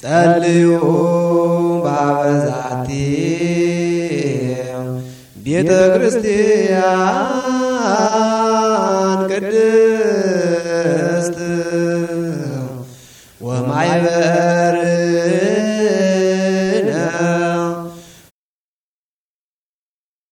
ጸልዩ ባበዛቲ ቤተ ክርስቲያን ቅድስት ወማይበር